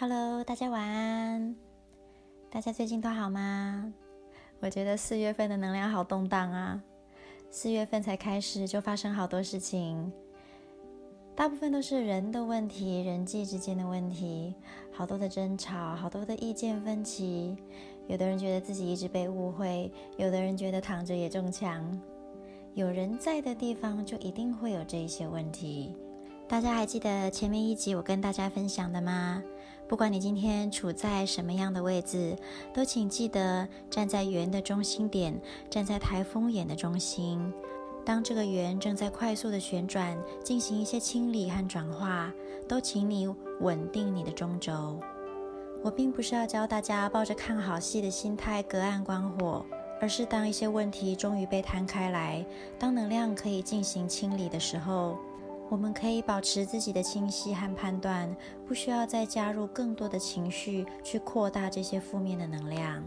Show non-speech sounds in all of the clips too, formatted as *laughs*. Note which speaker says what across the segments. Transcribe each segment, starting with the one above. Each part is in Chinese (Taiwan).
Speaker 1: Hello，大家晚安。大家最近都好嗎？我覺得四月份的能量好動盪啊！四月份才開始就發生好多事情，大部分都是人的問題，人際之間的問題，好多的爭吵，好多的意見分歧。有的人覺得自己一直被誤會，有的人覺得躺着也中槍。有人在的地方，就一定會有這一些問題。大家還記得前面一集我跟大家分享的嗎？不管你今天處在什麼樣的位置，都請記得站在圓的中心點，站在台風眼的中心。當這個圓正在快速的旋轉，進行一些清理和轉化，都請你穩定你的中軸。我並不是要教大家抱着看好戲的心態隔岸觀火，而是當一些問題終於被攤開來，當能量可以進行清理的時候。我們可以保持自己的清晰和判斷，不需要再加入更多的情緒去擴大這些負面的能量。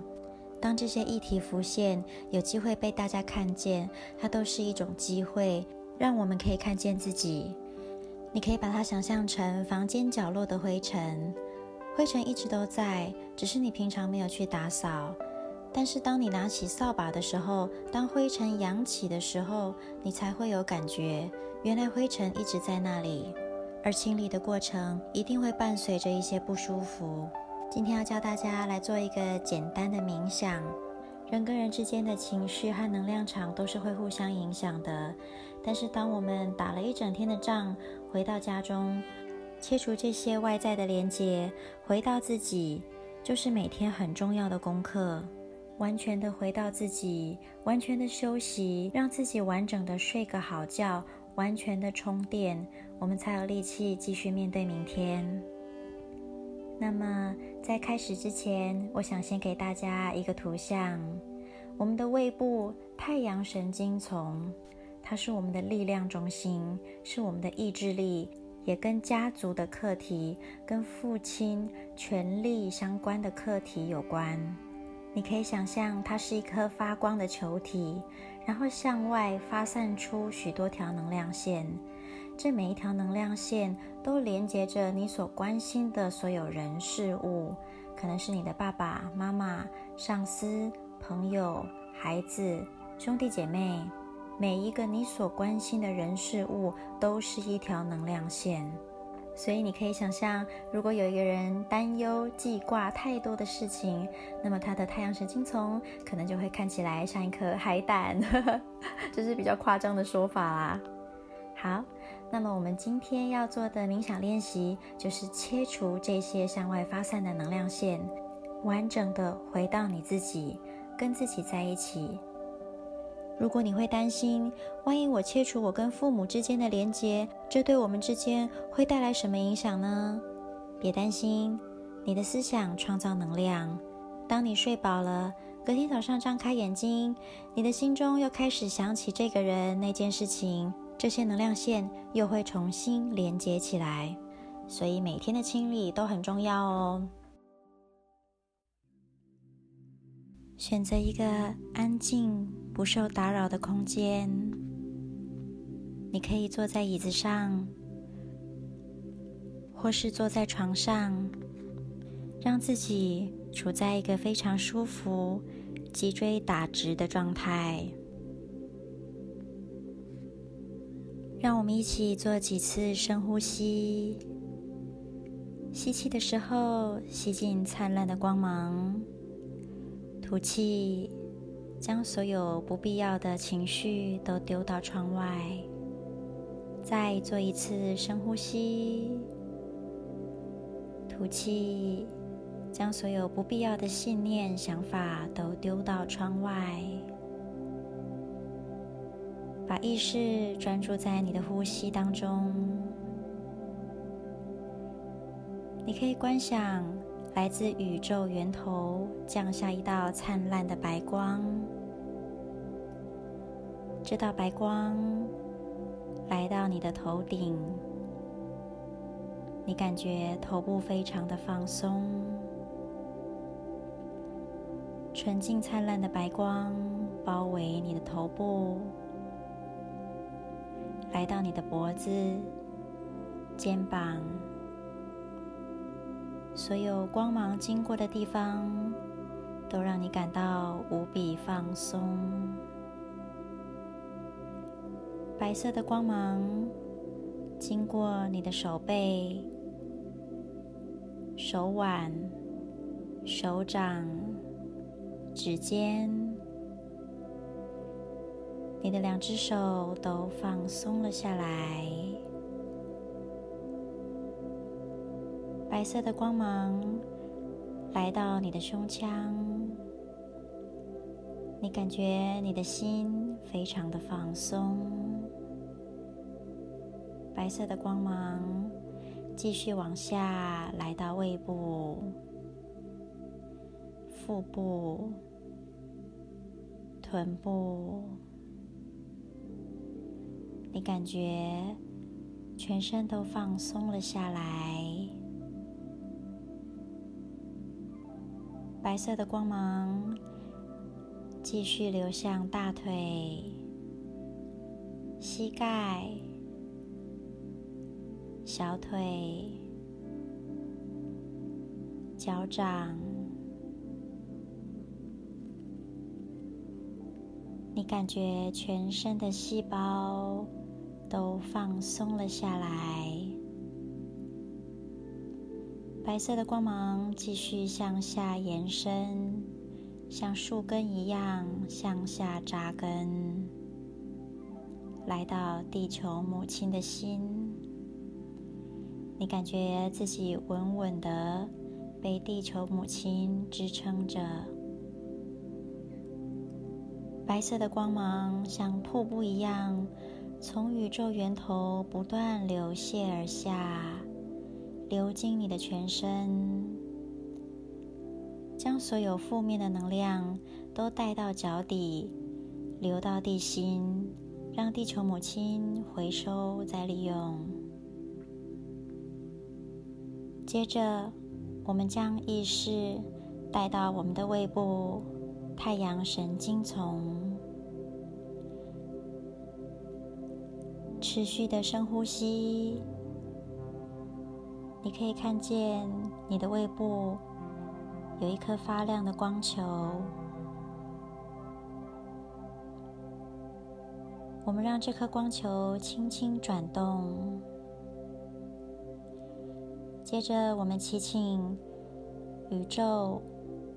Speaker 1: 當這些議題浮現，有機會被大家看見，它都是一種機會，讓我們可以看見自己。你可以把它想象成房間角落的灰塵，灰塵一直都在，只是你平常沒有去打掃。但是，當你拿起掃把的時候，當灰塵揚起的時候，你才會有感覺。原來灰塵一直在那裡，而清理的過程一定會伴隨着一些不舒服。今天要教大家來做一個簡單的冥想。人跟人之間的情緒和能量場都是會互相影響的。但是，當我們打了一整天的仗，回到家中，切除這些外在的連結，回到自己，就是每天很重要的功課。完全的回到自己，完全的休息，讓自己完整的睡個好覺，完全的充電，我們才有力氣繼續面對明天。那麼，在開始之前，我想先給大家一個圖像：我們的胃部太陽神經叢，它是我們的力量中心，是我們的意志力，也跟家族的課題、跟父親權力相關的課題有關。你可以想象它是一顆發光的球體，然後向外發散出許多條能量線。這每一條能量線都連接着你所關心的所有人事物，可能是你的爸爸媽媽、上司、朋友、孩子、兄弟姐妹。每一個你所關心的人事物，都是一條能量線。所以你可以想象，如果有一個人擔憂、記掛太多的事情，那麼他的太陽神經叢可能就會看起來像一顆海膽， *laughs* 這是比較誇張的說法啦。好，那麼我們今天要做的冥想練習，就是切除這些向外發散的能量線，完整的回到你自己，跟自己在一起。如果你會擔心，萬一我切除我跟父母之間的連接，這對我們之間會帶來什麼影響呢？別擔心，你的思想創造能量。當你睡飽了，隔天早上張開眼睛，你的心中又開始想起這個人、那件事情，這些能量線又會重新連接起來。所以每天的清理都很重要哦。選擇一個安靜、不受打擾的空間，你可以坐在椅子上，或是坐在床上，讓自己處在一個非常舒服、脊椎打直的狀態。讓我們一起做幾次深呼吸。吸氣的時候，吸進燦爛的光芒。吐氣，將所有不必要的情緒都丟到窗外。再做一次深呼吸。吐氣，將所有不必要的信念、想法都丟到窗外。把意識專注在你的呼吸當中。你可以觀想。來自宇宙源頭降下一道燦爛的白光，這道白光來到你的頭頂，你感覺頭部非常的放鬆，純淨燦爛的白光包圍你的頭部，來到你的脖子、肩膀。所有光芒經過的地方，都讓你感到無比放鬆。白色的光芒經過你的手背、手腕、手掌、指尖，你的兩隻手都放鬆了下來。白色的光芒來到你的胸腔，你感覺你的心非常的放鬆。白色的光芒繼續往下來到胃部、腹部、臀部，你感覺全身都放鬆了下來。白色的光芒繼續流向大腿、膝蓋、小腿、腳掌，你感覺全身的細胞都放鬆了下來。白色的光芒繼續向下延伸，像樹根一樣向下扎根，來到地球母親的心。你感覺自己穩穩的被地球母親支撐着。白色的光芒像瀑布一樣，從宇宙源頭不斷流瀉而下。流經你的全身，將所有負面的能量都帶到腳底，流到地心，讓地球母親回收再利用。接着，我們將意識帶到我們的胃部，太陽神經叢，持續的深呼吸。你可以看見你的胃部有一顆發亮的光球。我們讓這顆光球輕輕轉動。接着，我們祈請宇宙、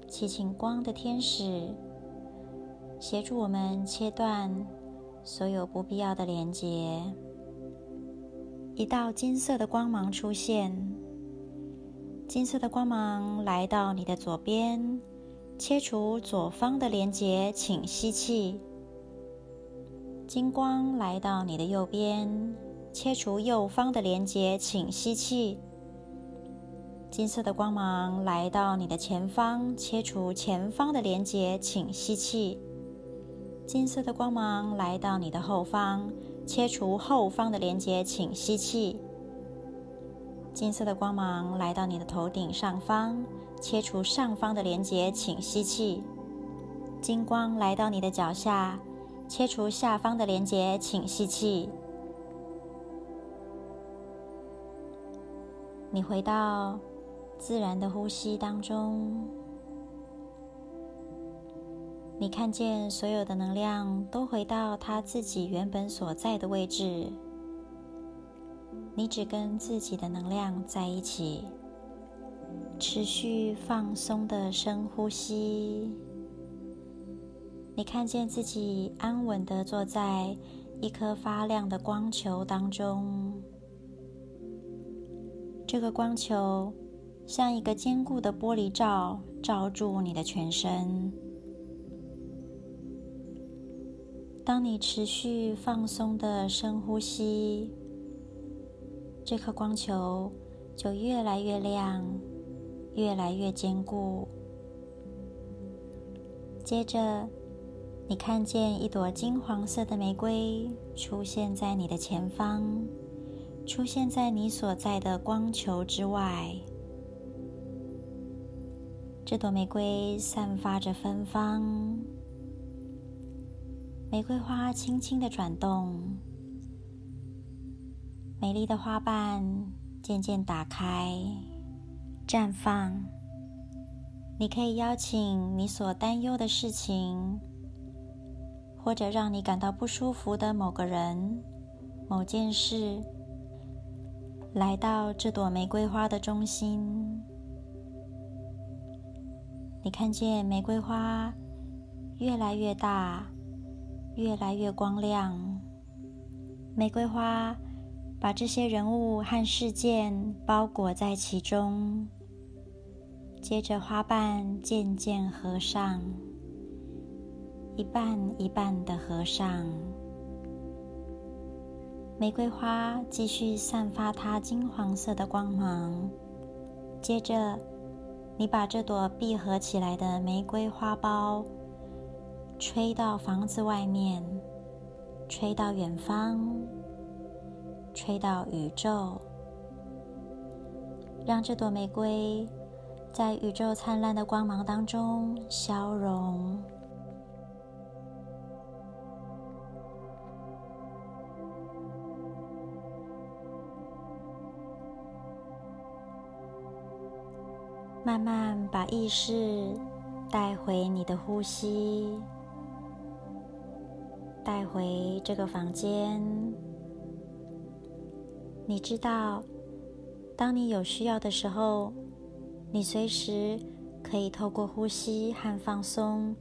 Speaker 1: 祈請光的天使協助我們切斷所有不必要的連接。一道金色的光芒出現。金色的光芒來到你的左邊，切除左方的連接，請吸氣。金光來到你的右邊，切除右方的連接，請吸氣。金色的光芒來到你的前方，切除前方的連接，請吸氣。金色的光芒來到你的後方，切除後方的連接，請吸氣。金色的光芒來到你的頭頂上方，切除上方的連接，請吸氣。金光來到你的腳下，切除下方的連接，請吸氣。你回到自然的呼吸當中，你看見所有的能量都回到它自己原本所在的位置。你只跟自己的能量在一起，持續放鬆的深呼吸。你看見自己安穩地坐在一顆發亮的光球當中，這個光球像一個堅固的玻璃罩罩住你的全身。當你持續放鬆的深呼吸。這顆光球就越來越亮，越來越堅固。接着，你看見一朵金黃色的玫瑰出現在你的前方，出現在你所在的光球之外。這朵玫瑰散發着芬芳，玫瑰花輕輕地轉動。美麗的花瓣漸漸打開，綻放。你可以邀請你所擔憂的事情，或者讓你感到不舒服的某個人、某件事，來到這朵玫瑰花的中心。你看見玫瑰花越來越大，越來越光亮。玫瑰花。把這些人物和事件包裹在其中，接着花瓣漸漸合上，一瓣一瓣的合上。玫瑰花繼續散發它金黃色的光芒。接着，你把這朵閉合起來的玫瑰花苞吹到房子外面，吹到遠方。吹到宇宙，讓這朵玫瑰在宇宙燦爛的光芒當中消融。慢慢把意識帶回你的呼吸，帶回這個房間。你知道，當你有需要的時候，你隨時可以透過呼吸和放鬆，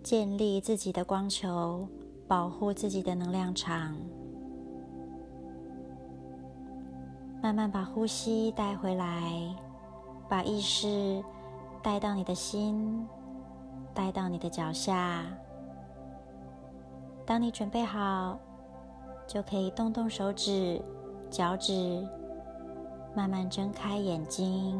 Speaker 1: 建立自己的光球，保護自己的能量場。慢慢把呼吸帶回來，把意識帶到你的心，帶到你的腳下。當你準備好，就可以動動手指。腳趾，慢慢睜開眼睛。